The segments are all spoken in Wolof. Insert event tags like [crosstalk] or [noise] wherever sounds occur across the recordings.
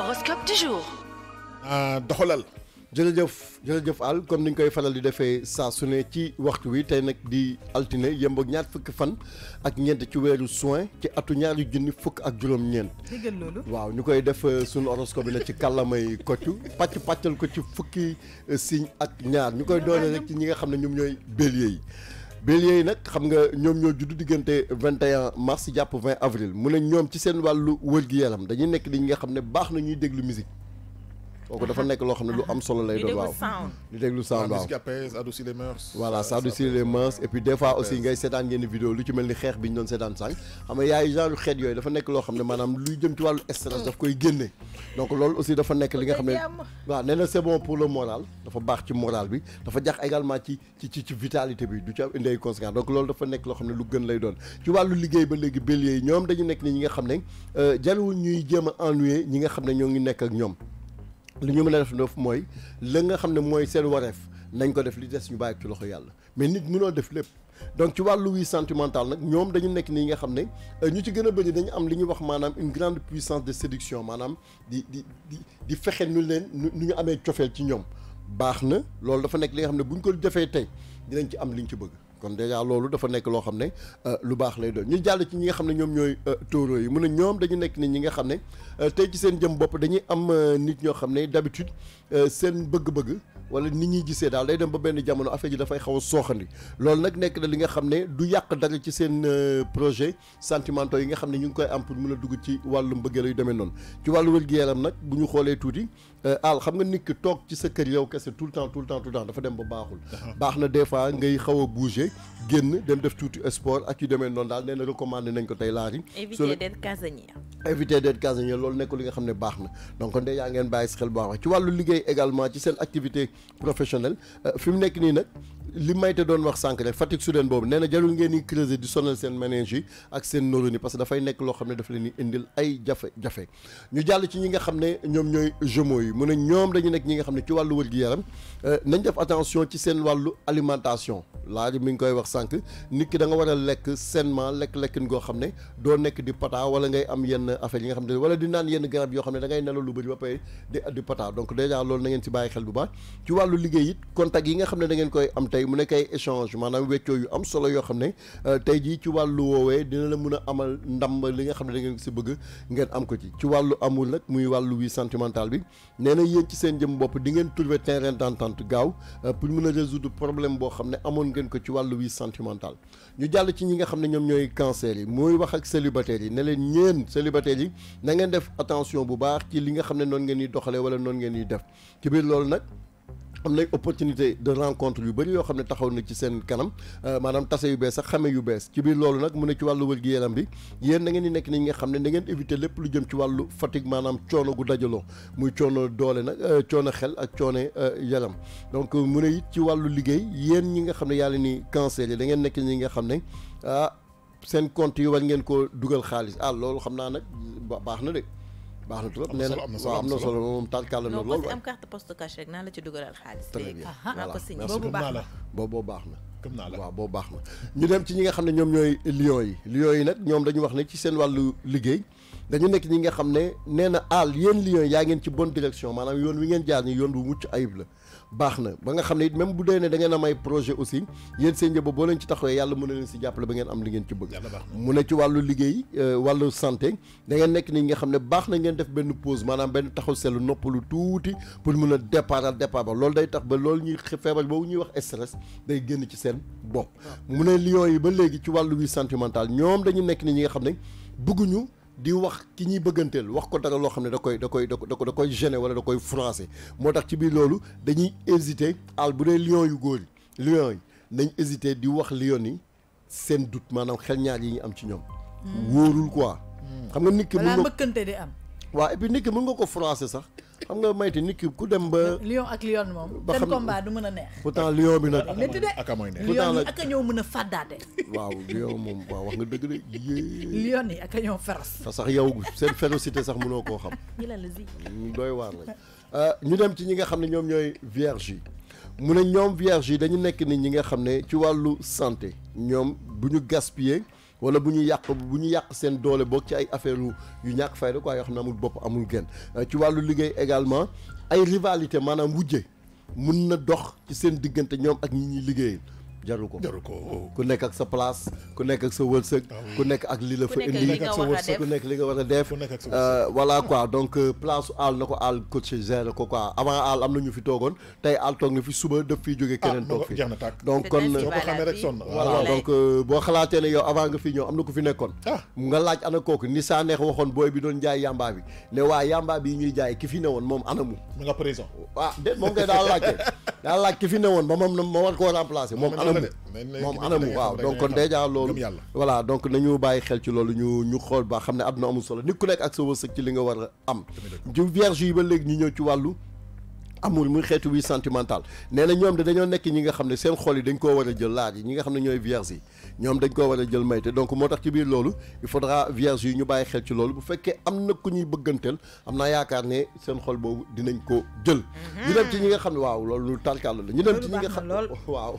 horoscope du jour. Euh, doxalal. jërëjëf jërëjëf àll comme ni ñu koy faral di defee saa su ne ci waxtu wi tey nag di altine yemb ñaar fukki fan ak ñeent ci weeru juin ci atu ñaari junni fukk ak juróom-ñeent. dégg waaw ñu koy def euh, sunu horoscope bi nag ci kàllamay koccu pàcc pàccal ko ci fukki euh, signe ak ñaar ñu koy doone rek ci ñi nga xam ne ñoom ñooy bélier yi. bélier yi nag xam nga ñoom ñoo judd diggante 21 mars jàpp 20 avril mu ne ñoom ci seen wàllu wër gi yaram dañuy nekk di ñi nga xam ne baax na ñuy déglu musique kooku dafa nekk loo xam ne lu am solo lay doon waaw di déglu sound waaw ça adoucit les mœurs voilà ça adoucit les mœurs et puis des fois aussi ngay seetaan ngeen vidéo lu ci mel ni xeex bi ñu doon seetaan sànq xam nga yaay genre xeet yooyu dafa nekk loo xam ne maanaam luy jëm ci wàllu stress daf koy génne donc loolu aussi dafa nekk li nga xam ne waaw nee na c'est bon pour le moral dafa baax ci moral bi dafa jax également ci ci ci vitalité bi du ci am indi ay conséquences donc loolu dafa nekk loo xam ne lu gën lay doon ci wàllu liggéey ba léegi bélier yi ñoom dañu nekk ni ñi nga xam ne euh, jaluwul ñuy jéem a ennuyer ñi nga xam ne ñoo ngi nekk ak ñoom li ñu mën a def ndof mooy la nga xam ne mooy seen wareef nañ ko def li des ñu bàyyi ci loxo yàlla mais nit mu mënoo def lépp donc ci wàll wii sentimental nag ñoom dañu nekk nii nga xam ne euh, ñu ci gën a bëri dañu am li ñuy wax maanaam une grande puissance de séduction maanaam di di di di fexe nu leen nu ñu amee cofeel ci ñoom baax na loolu dafa nekk li nga xam ne bu ñu ko jafee tey dinañ ci am li ñu ci bëgg kon déjà loolu dafa nekk loo xam ne euh, lu baax lay doon ñu jàll ci ñi nga xam ne ñoom ñooy euh, taureau yi mun ne ñoom dañu nekk ni ñi nga xam ne euh, tey ci seen jëm bopp dañuy am nit ñoo xam ne d'habitude seen bëgg-bëgg wala nit ñi gisee daal day dem ba benn jamono affaire ji dafay xaw a sooxandi loolu nag nekk na li nga xam ne du yàq dara ci seen euh, projet sentimentaux yi nga xam ne ñu ngi am pour mun a dugg ci wàllu mbëggeel yu demee noonu ci wàllu wér gu nag bu ñu xoolee tuuti euh, al xam nga nit ki toog ci sa kër yow kese tout le temps tout le temps dafa dem ba baaxul baax na des fois ngay xaw a bouger génn dem def tuuti sport ak yu demee noonu daal nee na recommandé nañ ko tey laari éviter d'être casanier éviter d'être loolu nekk li nga xam ne baax na donc ndey yaa ngeen bàyyi si xel bu baax ci wàllu liggéey également ci seen activité professionnel euh, fi mu nekk nii nag li Mayte doon wax sànq rek fatigue soudaine boobu nee na jarul ngeen di creuser di sonal seen méninges yi ak seen neurones yi parce que dafay nekk loo xam ne daf leen di ci ñi nga xam ne ñoom ñooy jumeaux yi mu ne ñoom dañu nekk ñi nga xam ne ci wàllu wér-gu-yaram euh, nañ seen wàllu alimentation laaj mi ngi koy wax sànq nit ki da nga war a lekk sainement lekk-lekkin goo xam ne doo nekk di pata wala ngay am yenn affaire yi nga xam ne di naan yenn garab yoo xam ne da ngay nelaw lu bëri ba pare di di donc dèjà loolu na ngeen si bàyyi xel bu baax ci wàllu liggéey it contact yi nga xam ne da ngeen koy am tey tey mu nekk ay échange maanaam weccoo yu am solo yoo xam ne euh, tey jii ci wàllu woowee dina la mën a amal ndam li nga xam ne da ngeen si bëgg ngeen am ko ci ci wàllu amul nag muy wàllu wi sentimental bi nee na yéen ci seen jëm bopp di ngeen trouver terrain gaaw euh, pour mën a résoudre problème boo xam ne amoon ngeen ko ci wàllu wi sentimental ñu jàll ci ñi nga xam ne ñoom ñooy cancer yi muy wax ak célibataires yi ne leen ñeen célibataires yi na ngeen def attentio bu baax ci li nga xam ne noonu ngeen di doxalee wala noonu ngeen di def ci biir loolu nag am na opportunité de rencontre yu bari yoo xam ne taxaw na ci seen kanam euh, maanaam tase yu bees ak xame yu bees ci biir loolu nag mu ne ci wàllu wér-gu-yaram bi yéen da ngeen di nekk ni nga xam ne da ngeen éviter lépp lu wàllu fatigue maanaam coono gu dajaloo muy coono doole nag euh, coono xel ak coono euh, yaram donc mu ne it ci wàllu liggéey yéen ñi nga xam ne yàlla nii cancer yi da ngeen nekk ñi nga xam ne ah seen compte yi war ngeen koo dugal xaalis ah loolu xam naa nag baax na de. baax na trop nee na waaw am na solo moom tàrkal na loolu am carte poste cash rek naa ah, ah, boobu baax na boobu waaw boobu baax na ñu dem ci ñi nga xam ne ñoom ñooy lion yi lion yi nag ñoom dañu wax ne ci seen wàllu liggéey dañu nekk ñi nga xam ne nee na àll yéen lion yaa ngeen ci bonne direction maanaam yoon wi ngeen jaar ni yoon wu mucc ayib la baax na ba nga xam ne it même bu dee ne da ngeen am ay projet aussi yéen seen njëba boo leen ci taxawee yàlla mën a leen si jàppale ba ngeen am li ngeen ci bëgg mu ne ci wàllu liggéey euh, wàllu santé da ngeen nekk ni nga xam ne baax na ngeen def benn pause maanaam benn taxaw seetlu noppalu tuuti pour mun a départal départ ba loolu day tax ba ñuy feebar boobu ñuy wax stress day génn ci seen bopp mu ne lion yi ba léegi ci wàllu wi sentimental ñoom dañu nekk ni ñi nga xam ne bëgguñu di wax ki ñuy bëgganteel wax ko dara loo xam ne da koy da koy da da koy gêné wala da koy français moo tax ci biir loolu dañuy hésité àll bu dee lion yu góor yi lion yi nañ hésité di wax lion yi seen doute maanaam xel ñaar yi ñu am ci ñoom. Hmm. wóorul quoi. Hmm. xam nga nikki ki mën nga balaa mbëkkante am. waaw et puis ki mën nga ko français sax. xam nga Maïté nit ki ku dem ba. Lyon ak Lyon moom. ba xam seen combat du mën a neex. pourtant Lyon bi nag. ak a mooy neex pourtant nag Lyon yi ak a ñëw mën a fàddaate. waaw Lyon moom waaw wax nga dëgg de yéen. Lyon yi ak a ñëw féroce. te sax yow seen férocité sax mënoo koo xam. ñu la zi. doy waar lañ euh, ñu dem ci ñi nga xam ne ñoom ñooy vierge yi mu ne ñoom vierge yi dañu nekk ni ñi nga xam ne ci wàllu santé ñoom bu ñu gaspiller. wala bu ñu yàq bu ñu yàq seen doole boog ci ay affaire yu ñàkk fayda quoi yoo xam na amul bopp amul genn euh, ci wàllu liggéey également ay rivalité maanaam wujje mun na dox ci seen diggante ñoom ak ñi ñuy liggéeyal jaru ko jaru ko oh. ku nekk ak sa place ku nekk ak sa wërsëg ah ku nekk ak li la indi nekk li nga war a def euh, voilà quoi donc euh, place àll na ko àll coach gère ko quoi avant àll am na ñu fi toogoon tey àll toog na fi suba daf fiy jógee ah, keneen toog fi donc kon voilà donc euh, boo xalaatee ne yow avant nga fi ñëw am na ku fi nekkoon ah. nga laaj ana kooku ni saa neex waxoon booy bi doon jaay yamba bi ne waa yamba bi ñuy jaay ki fi newoon moom anamu mu moom ngay daa laajte [laughs] daa laaj ki fi newoon ba mo anam moom anam waaw donc kon déjà loolu voilà donc nañu bàyyi xel ci loolu ñu ñu xool baa xam ne àdduna amul solo nit ku nekk ak sa wërsëg ci li nga war a am ju vierge yi ba léegi ñu ñëw ci wàllu amul muy xeetu wii sentimental nee na ñoom de dañoo nekk ñi nga xam ne seen xol yi dañ koo war a jël laaj yi ñi nga xam ne ñooy vierge yi ñoom dañ koo war a jël mayte donc moo tax ci biir loolu il faudra vierge yi ñu bàyyi xel ci loolu bu fekkee am na ku ñuy bëgganteel am naa yaakaar ne seen xol boobu dinañ ko jël ñu dem ci ñi nga xam ne waaw loolu lu tarkaal la ñu dem ci ñi nga xam [laughs] waaw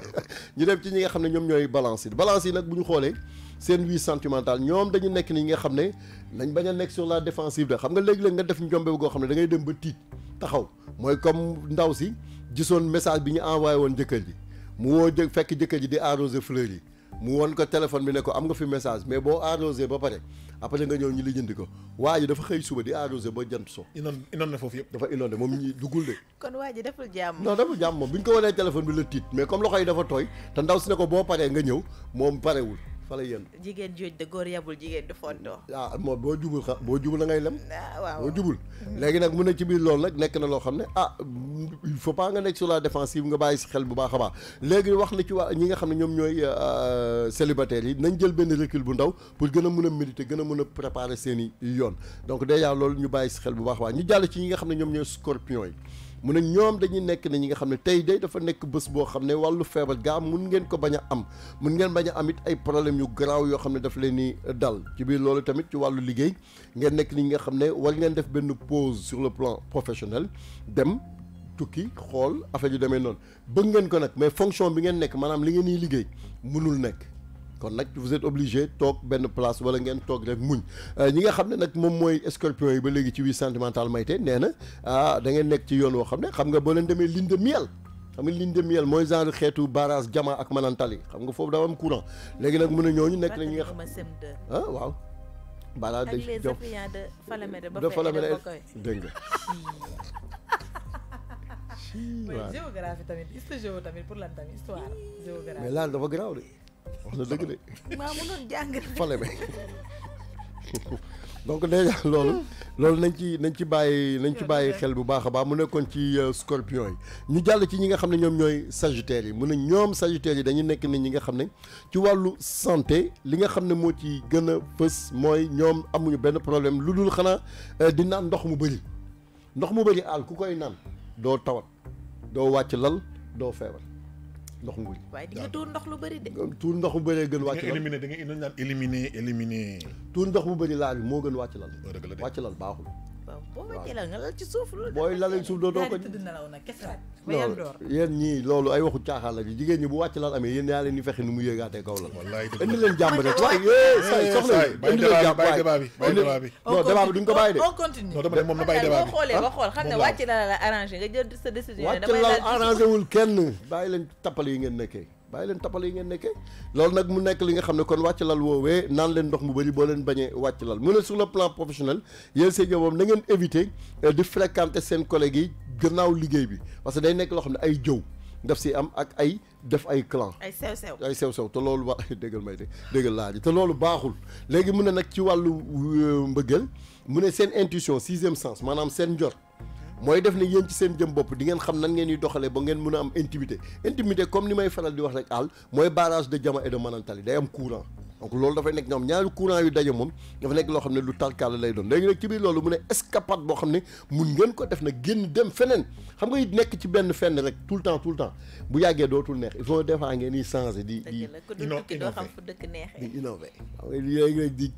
[laughs] ñu ci ñi nga xam ne ñoom ñooy balance yi balance yi nag bu ñu xoolee seen wii sentimental ñoom dañu nekk ni nga xam ne nañ bañ a nekk sur la défensive de xam nga léegi-léeg nga def njombe goo xam ne da ngay dem ba tiit taxaw mooy comme ndaw si gisoon message bi ñu envoyé woon jëkkër ji mu woo jë fekk jëkkër ji di arroser fleurs yi mu won ko téléphone bi ne ko am nga fi message mais boo arrosé ba pare après nga ñëw ñu lijjanti ko waa ji dafa xëy suba di arrosé ba jant so inondé inondé foofu yëpp dafa inondé moom ñi dugul de kon waa ji deful jàmm non deful jàmm moom bi ñu ko mais comme loxo yi tooy te ndaw si ne ko boo paree nga ñëw moom parewul fa la yéen. jigéen jooj de góor yabul jigéen du fontoo. ah moom boo jubul xa boo jubul da ngay lem. Ah, boo jubul. léegi nag mu ne ci biir loolu nag nekk na loo xam ne ah il faut pas nga nekk sur la défensive nga bàyyi si xel bu baax a baax léegi wax na ci waa ñi nga xam ne ñoom ñooy euh, célibataires yi nañ jël benn recul bu ndaw pour gën a mun a méditer gën a mën a préparer seen yoon donc déjà loolu ñu bàyyi si xel bu baax a baax ñu jàll ci ñi nga xam ne ñoom ñooy scorpion yi. mu ne ñoom dañuy nekk ne ñi nga xam ne tey day dafa nekk bés boo xam ne wàllu feebar gaa mun ngeen ko bañ a am mun ngeen bañ a am it ay problème yu garaaw yoo xam ne daf leen ni dal ci biir loolu tamit ci wàllu liggéey ngeen nekk ni ñi nga xam ne war ngeen def benn pause sur le plan professionnel dem tukki xool affaire yu demee noonu bëgg ngeen ko nag mais fonction bi ngeen nekk maanaam li ngeen di liggéey mënul nekk kon nag vous êtes toog benn place wala ngeen toog rek muñ euh, ñi nga xam ne nag moom mooy scorpion yi ba léegi ci wii sentimental mayte nee na ah da ngeen nekk ci yoon woo xam ne xam nga boo leen demee lune de miel xam nga lune de miel mooy genre xeetu barrage jama ak manantali xam nga foofu daa am courant léegi nag mën a ñooñu nekk na ñi nga xam ah waaw barrage de Falémé de Falémé dégg nga [laughs] waaw géographie tamit histoire géographie tamit pour lan tamit histoire géographie mais laal dafa garaaw de wax na dëgg de. maa mënoon jàng fale be donc déjà loolu. loolu nañ ci nañ ci bàyyi nañ ci bàyyi xel bu baax a baax mu nekkoon ci euh, scorpion yi ñu jàll ci ñi nga xam ne ñoom ñooy sagittaire yi mu ne ñoom sagittaire yi dañu nekk ni ñi nga xam ne ci wàllu santé li nga xam ne moo ci gën a fës mooy ñoom amuñu benn problème lu dul xanaa euh, di naan ndox mu bari ndox mu bëri àll ku koy naan doo tawat doo wàcc lal doo feebar. ndox nguur waaye di nga tuur ndox lu bëri de. tuur ndox mu bëree gën wàcc lal da nga éliminé da nga naan éliminé éliminé. tuur laal moo gën wàcc lal. wàcc lal baaxul. boo wàccee lal nga lal ci suuf. booy lalal suuf doo doo ko tëdd nelaw nag jigéen ñi bu wàcc lal amee yéen yaa leen di fexe nu mu yéegaatee kaw la. wallaay dëgg la indi leen jàmm rek waaye eh, say soxla indi leen jàmm waay bàyyi débat bi bàyyi débat bi. bi duñ ko bàyyi de. moom na bàyyi débat boo xoolee ah, ba xool xam ne wàcc lal la nga jël sa décision. damay lal wàcc lal arrangé wul kenn bàyyi leen tappale yi ngeen nekkee bàyyi leen tappale yi ngeen nekkee loolu nag mu nekk li nga xam ne kon wàcc lal woowee naan leen ndox mu bëri boo leen bañee wàcc lal mu ne sur le plan professionnel yéen seen moom na ngeen éviter euh, di fréquenter seen collègues yi gannaaw liggéey bi parce que day nekk loo xam ne ay jëw daf si am ak ay def ay clan ay sew sew ay te loolu wa [laughs] déggal may de déggal laa ji te loolu baaxul léegi mun ne nag ci wàllu euh, mbëggeel mu ne seen intuition sixième sens maanaam seen njort mooy def na yéen ci seen jëm bopp dingeen xam nan ngeen di doxalee ba ngeen mën a am intimité intimité comme ni may faral di wax rek àll mooy barrage de Jama et de Manantali day am courant donc loolu dafay nekk ñoom ñaari courant yu daje moom dafa nekk loo xam ne lu tarkaale lay doon léegi nag ci biir loolu mu ne escapade boo xam ne mun ngeen ko def nag génn dem feneen xam nga nekk ci benn fenn rek tout le temps tout le temps bu yàggee dootul neex il faut des fois ngeen di changer di di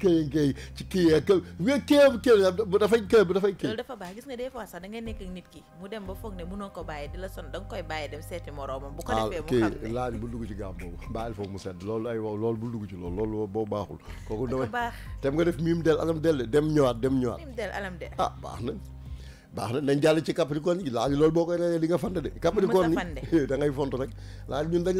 kii kii ci kii yeeg kii kii dafay kii dafay kii. loolu dafa baax gis nga des fois sax da nekk ak nit ki mu dem ba foog ne mënoo ko bàyyi di la son da nga koy bàyyi dem seeti moroomam. bu ko defee mu xam ne ah laaj bu dugg ci gaam boobu bàyyil foofu mu sedd loolu ay wow loolu bu dugg ci loolu loolu baaxul. kooku damay dem nga def miim del alam del dem ñëwaat dem ñëwaat. miim del alam del ah baax na. baax na nañ jàll ci capricorne yi laaj loolu boo koy reyee di nga fande de capricorne yi da ngay font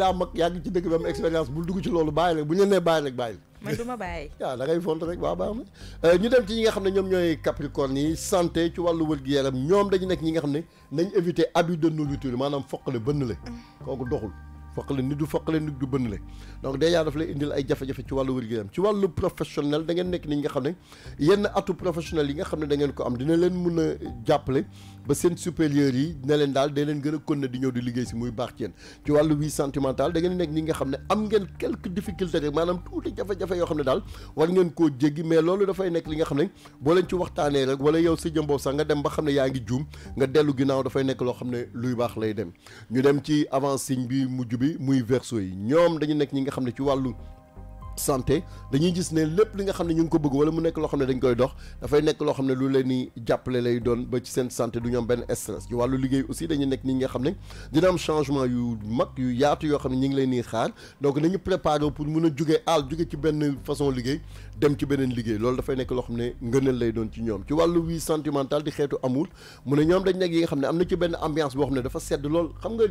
laa mag yàgg ci dëkk bi am expérience dugg ci loolu bàyyi rek bu ñu nee bàyyi man du ma bàyyi. waaw [laughs] da ngay rek waa baax na euh, ñu dem ci ñi nga xam ne ñoom ñooy capricorne yi santé ci wàllu wër gi yaram ñoom dañu nekk ñi nga xam ne nañ éviter abus de nourriture maanaam foqale bënn la mm. kooku doxul. foqale nit du foqale nit du bënn le donc déjà daf lay indil ay jafe-jafe ci wàllu wér-gu-yaram ci wàllu professionnel da nekk ni nga xam ne yenn atu professionnel yi nga xam ne da ngeen ko am dina leen mun a jàppale ba dina leen daal day leen gën a kon di ñëw di liggéey si muy baax ci yéen ci ngeen nekk am difficulté rek maanaam tuuti jafe-jafe yoo xam ne daal war ngeen koo jéggi mais loolu dafay nekk li nga xam ne boo leen ci waxtaanee rek wala yow si jëmboo sax nga dem ba xam ne yaa ngi juum nga dellu ginnaaw dafay nekk loo xam ne luy baax lay dem ñu dem bi muy verseau yi ñoom dañu nekk ñi nga xam ne ci wàllu santé dañuy gis ne lépp li nga xam ne ñu ngi ko bëgg wala mu nekk loo xam ne dañ koy dox dafay nekk loo xam ne lu leen ni jàppale lay doon ba ci seen santé du ñu benn stress ci wàllu liggéey aussi dañuy nekk nit nga xam ne dina am changement yu mag yu yaatu yoo xam ne ñu ngi leen ni xaar donc nañu préparé pour mun a jóge àll ci benn façon liggéey dem ci beneen liggéey loolu dafay nekk loo xam ne ngëneel lay doon ci ñoom ci wàllu vie sentimentale di xeetu amul mu ne ñoom dañ nekk yi nga xam ne am na ci benn ambiance boo xam ne dafa sedd lool xam nga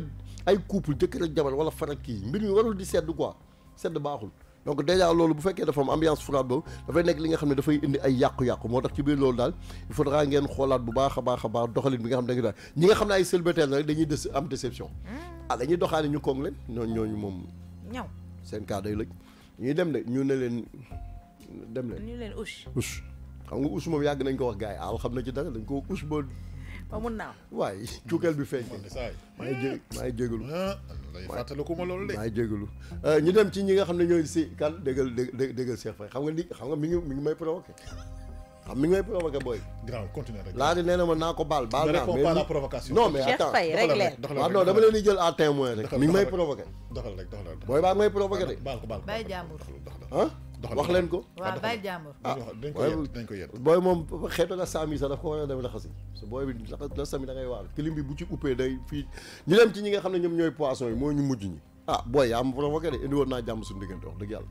ay couple jëkkër ak jabar wala farak kii mbir mi warul di sedd quoi sedd baaxul donc déjà loolu bu fekkee dafa am ambiance froide boobu dafay nekk li nga xam ne dafay indi ay yàqu-yàqu moo tax ci biir loolu daal il faudra ngeen xoolaat bu a a baax doxalin bi nga xam ne da nga daal la hmm. ah, ñu moom dem de ñu ne leen dem leen ñu leen nga us moom yàgg nañ ko wax gars yi aal ah, xam na ci dara dañ ko us ba ba mun naaw. waay cuukeel bi feeñ. maa ngi jé maa ngi jégalu. Ah, ma loolu de. maa ngi euh, ñu dem ci ñi nga xam ne ñooy si kan déggal dégg déggal Cheikh Faye xam nga li xam nga mi ngi mi ngi may provoqué. xam mi ngi may provoqué booy. laa di nee na ma naa ko baal baal naa. mais pas la provocation. non mais attends Cheikh ah, dama leen di jël à témoin rek. mi ngi may provoqué. booy baa may provoqué de. baal ko wax leen ko. waaw bàyyi jàmbur. ah booy moom xeetu la saami sax daf ko war a dem laxasi su booy bi la sami da ngay waar kilim bi bu ci uppee day fii ñu dem ci ñi nga xam ne ñoom ñooy poisson yi moo ñu mujj ñi ah booy yaa am provoqué de indi woon naa jàmm suñu diggante wax dëgg yàlla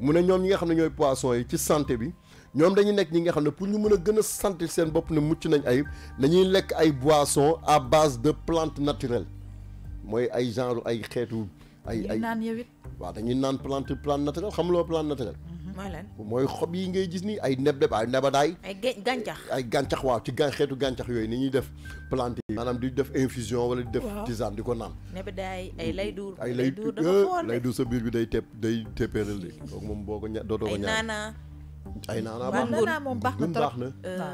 mu ne ñoom ñi nga xam ne ñooy poisson yi ci santé bi ñoom dañu nekk ñi nga xam ne pour ñu mën a gën a sentir seen bopp ne mucc nañ ayib dañuy lekk ay boisson à base de plante naturelle mooy ay genre ay xeetu ay ay naan waaw dañuy naan plante plante naturel xam loo plante naturel mooy xob yi ngay gis ni ay nebleb ay nebadaay ay gàncax ay gàncax waaw ci gan xeetu gàncax yooyu ni ñuy def plante yi maanaam di def infusion wala di def tisane di ko naan nebadaay ay lay duur ay lay duur sa biir bi day tepp day teppeeral de kooku moom boo ko ña dootoo ko ñaan ay naanaa na moom baax na